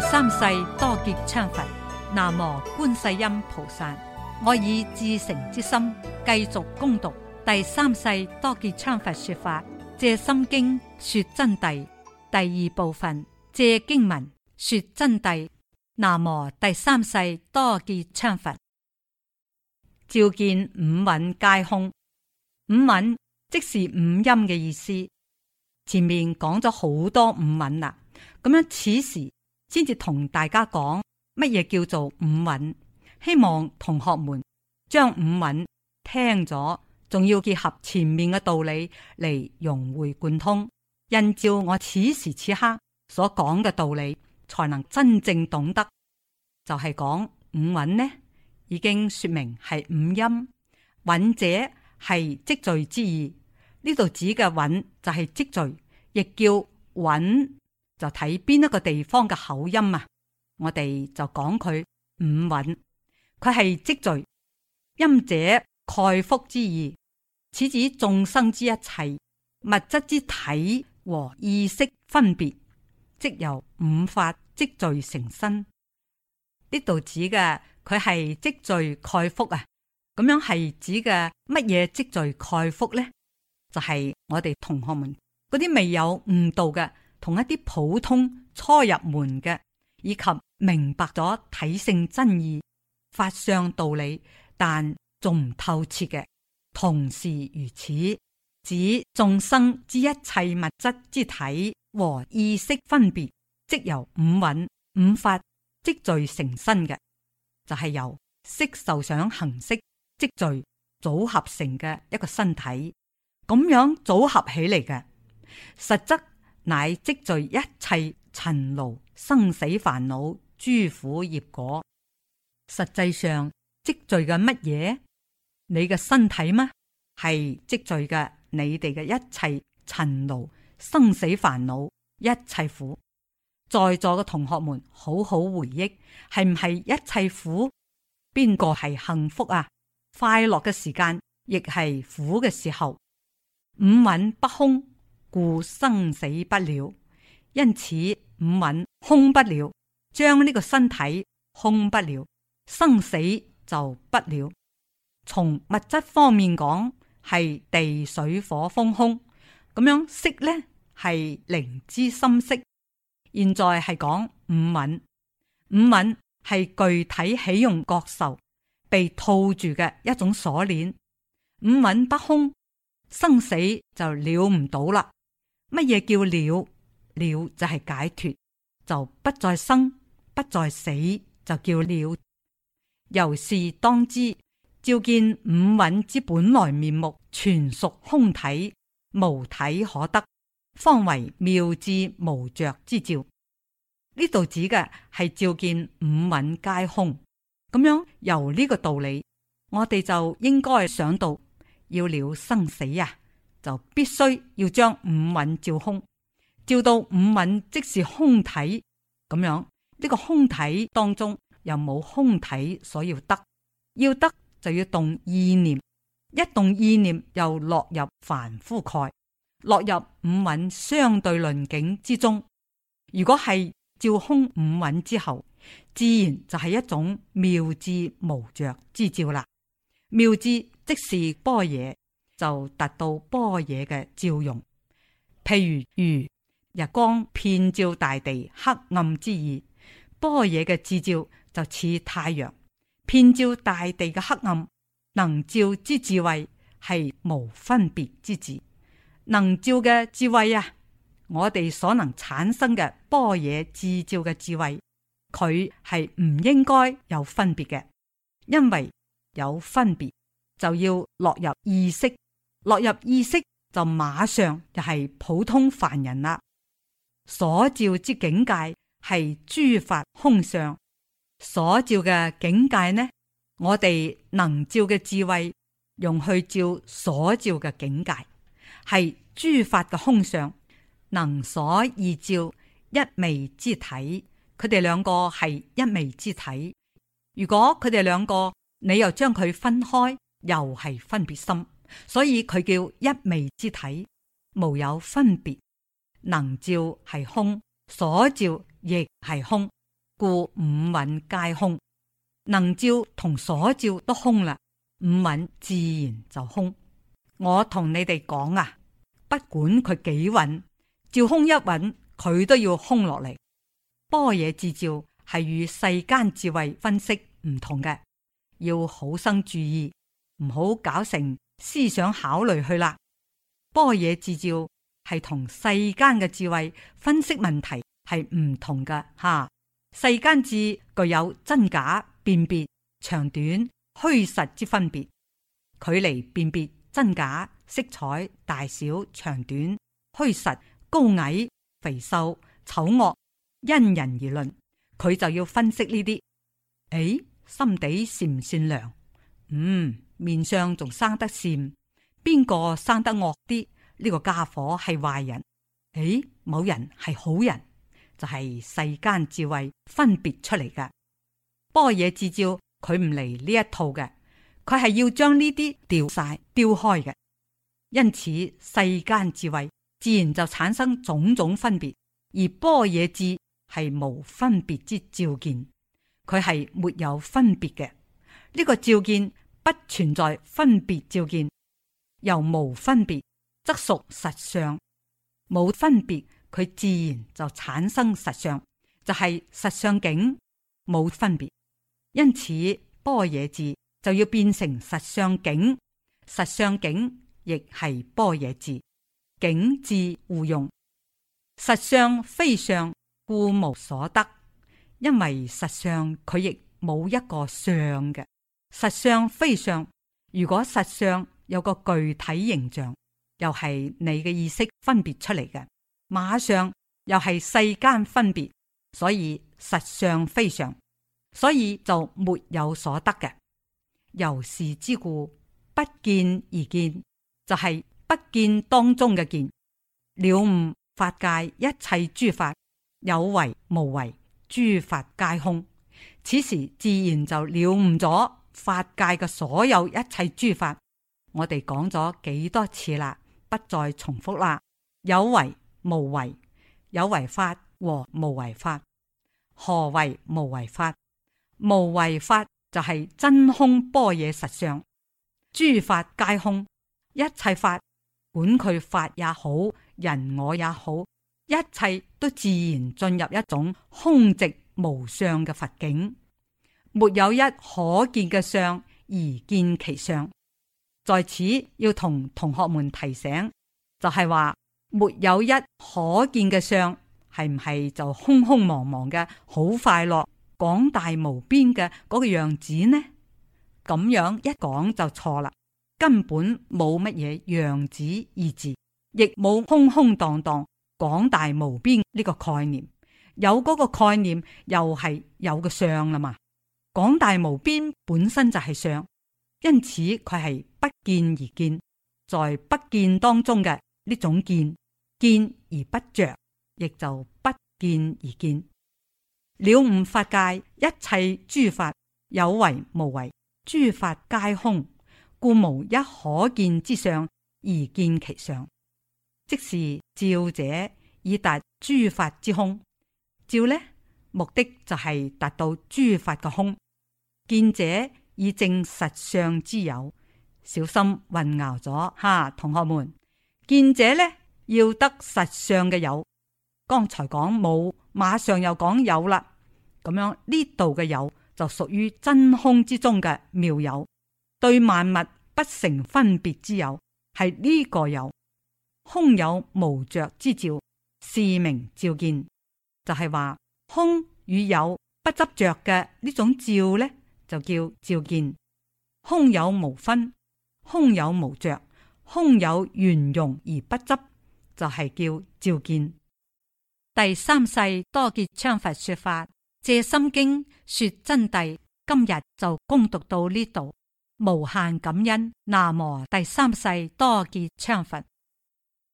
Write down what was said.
第三世多杰羌佛，南無觀世音菩薩。我以至誠之心繼續恭讀第三世多杰羌佛說法。借心經說真諦，第二部分借經文說真諦。南無第三世多杰羌佛，照見五蘊皆空。五蘊即是五音嘅意思。前面講咗好多五蘊啦，咁樣此時。先至同大家講乜嘢叫做五蘊，希望同學們將五蘊聽咗，仲要結合前面嘅道理嚟融會貫通，印照我此時此刻所講嘅道理，才能真正懂得。就係講五蘊呢，已經說明係五音，蘊者係積聚之意，呢度指嘅蘊就係積聚，亦叫蘊。就睇邊一個地方嘅口音啊！我哋就講佢五蘊，佢係積聚陰者蓋覆之意。此指眾生之一切物質之體和意識分別，即由五法積聚成身。呢度指嘅佢係積聚蓋覆啊！咁樣係指嘅乜嘢積聚蓋覆咧？就係、是、我哋同學們嗰啲未有悟道嘅。同一啲普通初入門嘅，以及明白咗體性真義、法相道理，但仲唔透徹嘅，同時如此指眾生之一切物質之體和意識分別，即由五蘊五法積聚成身嘅，就係、是、由色受想行識積聚組合成嘅一個身體，咁樣組合起嚟嘅，實質。乃積聚一切塵勞生死煩惱諸苦業果，實際上積聚嘅乜嘢？你嘅身體嗎？係積聚嘅你哋嘅一切塵勞生死煩惱一切苦。在座嘅同學們，好好回憶，係唔係一切苦？邊個係幸福啊？快樂嘅時間亦係苦嘅時候，五蘊不空。故生死不了，因此五蘊空不了，將呢個身體空不了，生死就不了。從物質方面講，係地水火風空咁樣識呢，係靈知心識。現在係講五蘊，五蘊係具體起用覺受被套住嘅一種鎖鏈。五蘊不空，生死就了唔到啦。乜嘢叫了？了就係解脫，就不再生，不再死，就叫了。由是當知，照見五蘊之本來面目，全屬空體，無體可得，方為妙智無着之照。呢度指嘅係照見五蘊皆空。咁樣由呢個道理，我哋就應該想到要了生死啊！就必須要將五蘊照空，照到五蘊即是空體，咁樣呢、這個空體當中又冇空體所要得，要得就要動意念，一動意念又落入凡夫蓋，落入五蘊相對論境之中。如果係照空五蘊之後，自然就係一種妙智無着之照啦，妙智即是般若。就達到般若嘅照用，譬如如日光遍照大地，黑暗之意。般若嘅智照就似太陽遍照大地嘅黑暗，能照之智慧係無分別之智，能照嘅智慧啊，我哋所能產生嘅般若智照嘅智慧，佢係唔應該有分別嘅，因為有分別就要落入意識。落入意識就馬上就係普通凡人啦。所照之境界係諸法空相，所照嘅境界呢？我哋能照嘅智慧用去照所照嘅境界，係諸法嘅空相。能所二照一微之體，佢哋兩個係一微之體。如果佢哋兩個，你又將佢分開，又係分別心。所以佢叫一味之體，無有分別，能照係空，所照亦係空，故五蘊皆空。能照同所照都空啦，五蘊自然就空。我同你哋講啊，不管佢幾蘊，照空一蘊，佢都要空落嚟。般若智照係與世間智慧分析唔同嘅，要好生注意，唔好搞成。思想考慮去啦。般若自照係同世間嘅智慧分析問題係唔同嘅吓。世間智具有真假辨別、長短虛實之分別，距離辨別真假、色彩大小、長短虛實、高矮肥瘦、醜惡，因人而論，佢就要分析呢啲。誒，心底善唔善良？嗯。面上仲生得善，邊個生得惡啲？呢、這個家伙係壞人，誒，某人係好人，就係、是、世間智慧分別出嚟嘅。般若智照佢唔嚟呢一套嘅，佢係要將呢啲掉晒、丟開嘅。因此世間智慧自然就產生種種分別，而般若智係無分別之照見，佢係沒有分別嘅。呢、這個照見。不存在分別照見，又無分別，則屬實相。冇分別，佢自然就產生實相，就係、是、實相境冇分別。因此，般若字就要變成實相境，實相境亦係般若字，境字互用。實相非相，故無所得，因為實相佢亦冇一個相嘅。實相非相，如果實相有個具體形象，又係你嘅意識分別出嚟嘅，馬上又係世間分別，所以實相非相，所以就沒有所得嘅。由是之故，不見而見，就係、是、不見當中嘅見，了悟法界一切諸法有為無為，諸法皆空，此時自然就了悟咗。法界嘅所有一切諸法，我哋講咗幾多次啦，不再重複啦。有為、無為，有為法和無為法。何為無為法？無為法就係真空般若實相，諸法皆空，一切法，管佢法也好，人我也好，一切都自然進入一種空寂無相嘅佛境。沒有一可見嘅相而見其相，在此要同同學們提醒，就係、是、話沒有一可見嘅相，係唔係就空空茫茫嘅好快樂、廣大無邊嘅嗰個樣子呢？咁樣一講就錯啦，根本冇乜嘢樣子二字，亦冇空空蕩蕩、廣大無邊呢個概念。有嗰個概念又係有個相啦嘛。廣大無邊本身就係相，因此佢係不見而見，在不見當中嘅呢種見，見而不着，亦就不見而見。了悟法界一切諸法有為無為，諸法皆空，故無一可見之相而見其相，即是照者以達諸法之空。照呢，目的就係達到諸法嘅空。見者以證實相之有，小心混淆咗，哈，同學們。見者呢，要得實相嘅有，剛才講冇，馬上又講有啦，咁樣呢度嘅有就屬於真空之中嘅妙有，對萬物不成分別之有，係呢個有，空有無着之照，是名照見，就係、是、話空與有不執着嘅呢種照呢。就叫照見空有無分，空有無着，空有圓融而不執，就係、是、叫照見。第三世多杰羌佛說法《藉心經》說真諦，今日就恭讀到呢度，無限感恩。南無第三世多杰羌佛。